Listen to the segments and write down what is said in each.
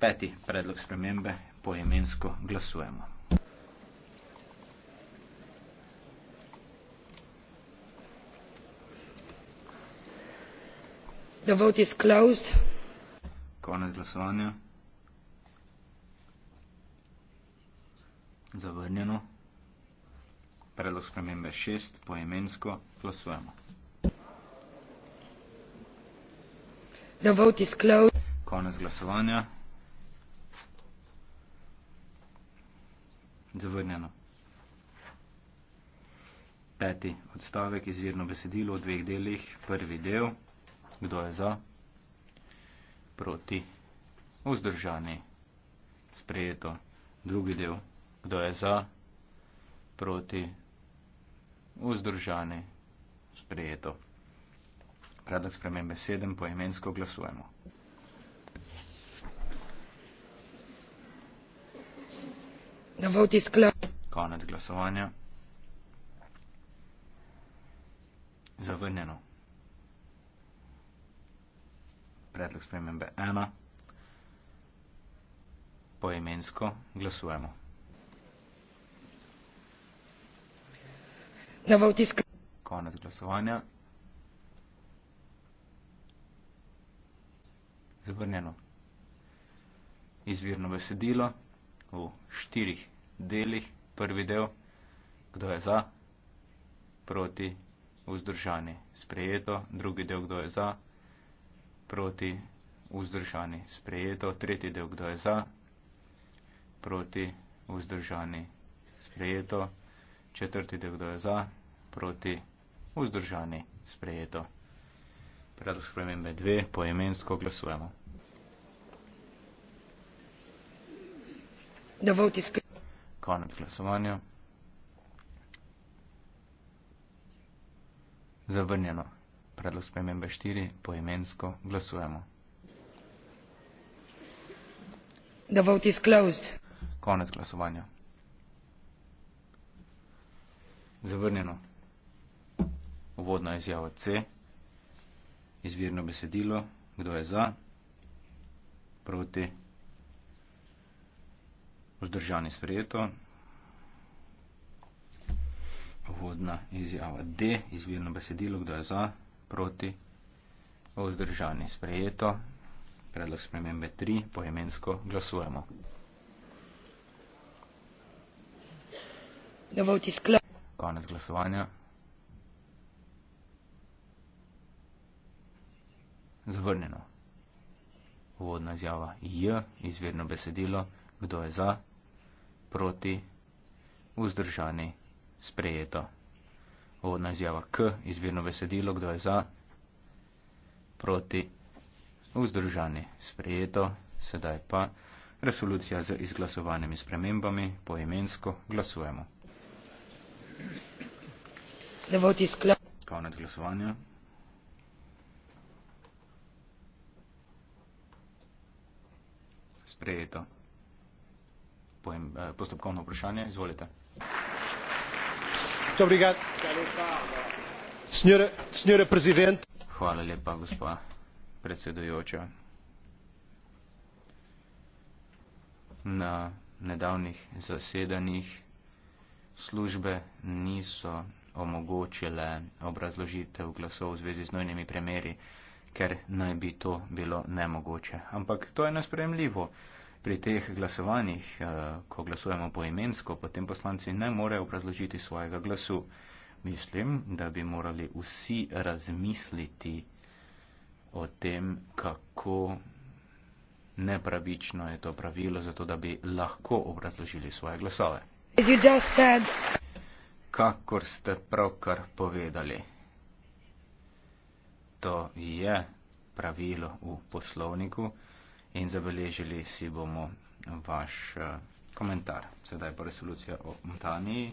peti predlog spremembe poemensko glasujemo. The vote is closed. Konec glasovanja. Zavrnjeno. Predlog spremembe šest, poemensko glasujemo. The vote is closed. Konec glasovanja. zavrnjeno. Peti odstavek izvirno besedilo v dveh delih, prvi del, kdo je za, proti, vzdržani, sprejeto, drugi del, kdo je za, proti, vzdržani, sprejeto. Predlog spremembe sedem poimensko glasujemo. The vote is closed. Konec glasovanja. Zavrnjeno. Predlog spremembe ena. Poimensko glasujemo. The vote is closed. Konec glasovanja. Zavrnjeno. Izvirno besedilo v štirih delih. Prvi del, kdo je za, proti, vzdržani, sprejeto. Drugi del, kdo je za, proti, vzdržani, sprejeto. Tretji del, kdo je za, proti, vzdržani, sprejeto. Četrti del, kdo je za, proti, vzdržani, sprejeto. Predlog spremembe dve, poemensko glasujemo. konec glasovanja zavrnjeno predlog spremembe štiri poimensko glasujemo The vote is closed. Konec glasovanja. Zavrnjeno. Uvodna izjava C. Izvirno besedilo. Kdo je za? Proti vzdržani sprejeto. Vodna izjava D, izvirno besedilo, kdo je za, proti, vzdržani sprejeto. Predlog spremembe 3, poemensko glasujemo. Konec glasovanja. Zavrnjeno. Vodna izjava J, izvirno besedilo, kdo je za, proti, vzdržani, sprejeto. Uvodna izjava K, izvirno besedilo, kdo je za, proti, vzdržani, sprejeto, sedaj pa resolucija z izglasovanimi spremembami, poimensko glasujemo. Konec glasovanja. Sprejeto povem, eh, postopkovno vprašanje. Izvolite. Hvala lepa, gospod predsedujoča. Na nedavnih zasedanjih službe niso omogočile obrazložitev glasov v zvezi z nojnimi premeri, ker naj bi to bilo nemogoče. Ampak to je nespremljivo pri teh glasovanjih, eh, ko glasujemo poimensko, potem poslanci ne morejo obrazložiti svojega glasu. Mislim, da bi morali vsi razmisliti o tem, kako nepravično je to pravilo, zato da bi lahko obrazložili svoje glasove. Kakor ste pravkar povedali, to je pravilo v poslovniku in zabeležili si bomo vaš eh, komentar. Sedaj pa resolucija o Montaniji.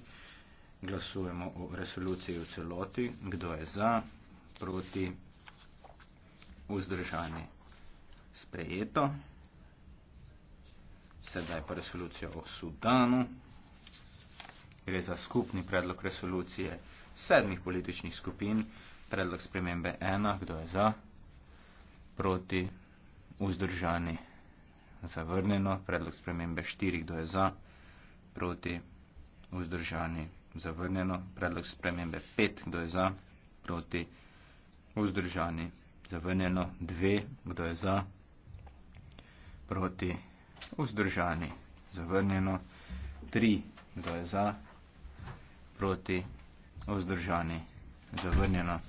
Glasujemo o resoluciji v celoti. Kdo je za, proti, vzdržani, sprejeto. Sedaj pa resolucija o Sudanu. Gre za skupni predlog resolucije sedmih političnih skupin. Predlog spremembe ena. Kdo je za, proti, vzdržani. Zavrnjeno, predlog spremembe 4, kdo je za, proti, vzdržani, zavrnjeno, predlog spremembe 5, kdo je za, proti, vzdržani, zavrnjeno, 2, kdo je za, proti, vzdržani, zavrnjeno, 3, kdo je za, proti, vzdržani, zavrnjeno.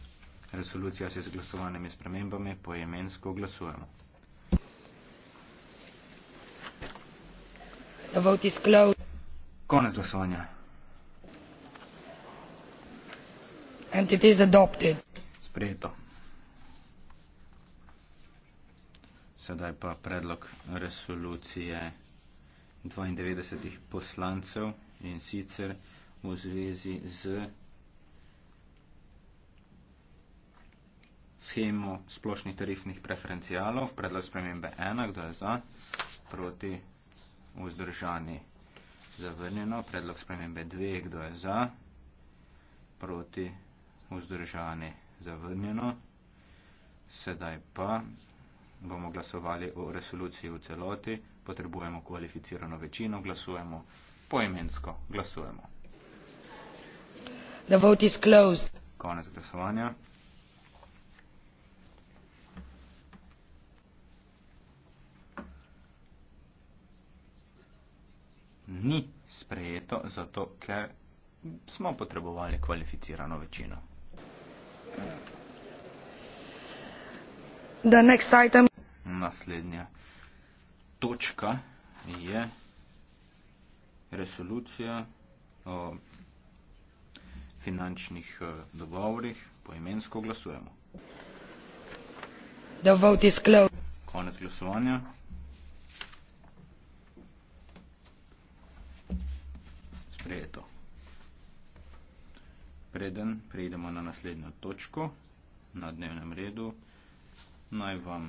Resolucija se z glasovanimi spremembami poimensko glasujemo. The vote is closed. Konec glasovanja. And it is adopted. Sprejeto. Sedaj pa predlog resolucije 92 poslancev in sicer v zvezi z schemo splošnih tarifnih preferencijalov. Predlog spremembe 1. Kdo je za? Proti vzdržani. Zavrnjeno, predlog spremembe dve, kdo je za, proti, vzdržani, zavrnjeno. Sedaj pa bomo glasovali o resoluciji v celoti, potrebujemo kvalificirano večino, glasujemo poimensko, glasujemo. The vote is closed. Konec glasovanja. ni sprejeto, zato ker smo potrebovali kvalificirano večino. Naslednja točka je resolucija o finančnih eh, dogovorih. Poimensko glasujemo. Konec glasovanja. Šrejeto. Preden prejdemo na naslednjo točko na dnevnem redu, naj vam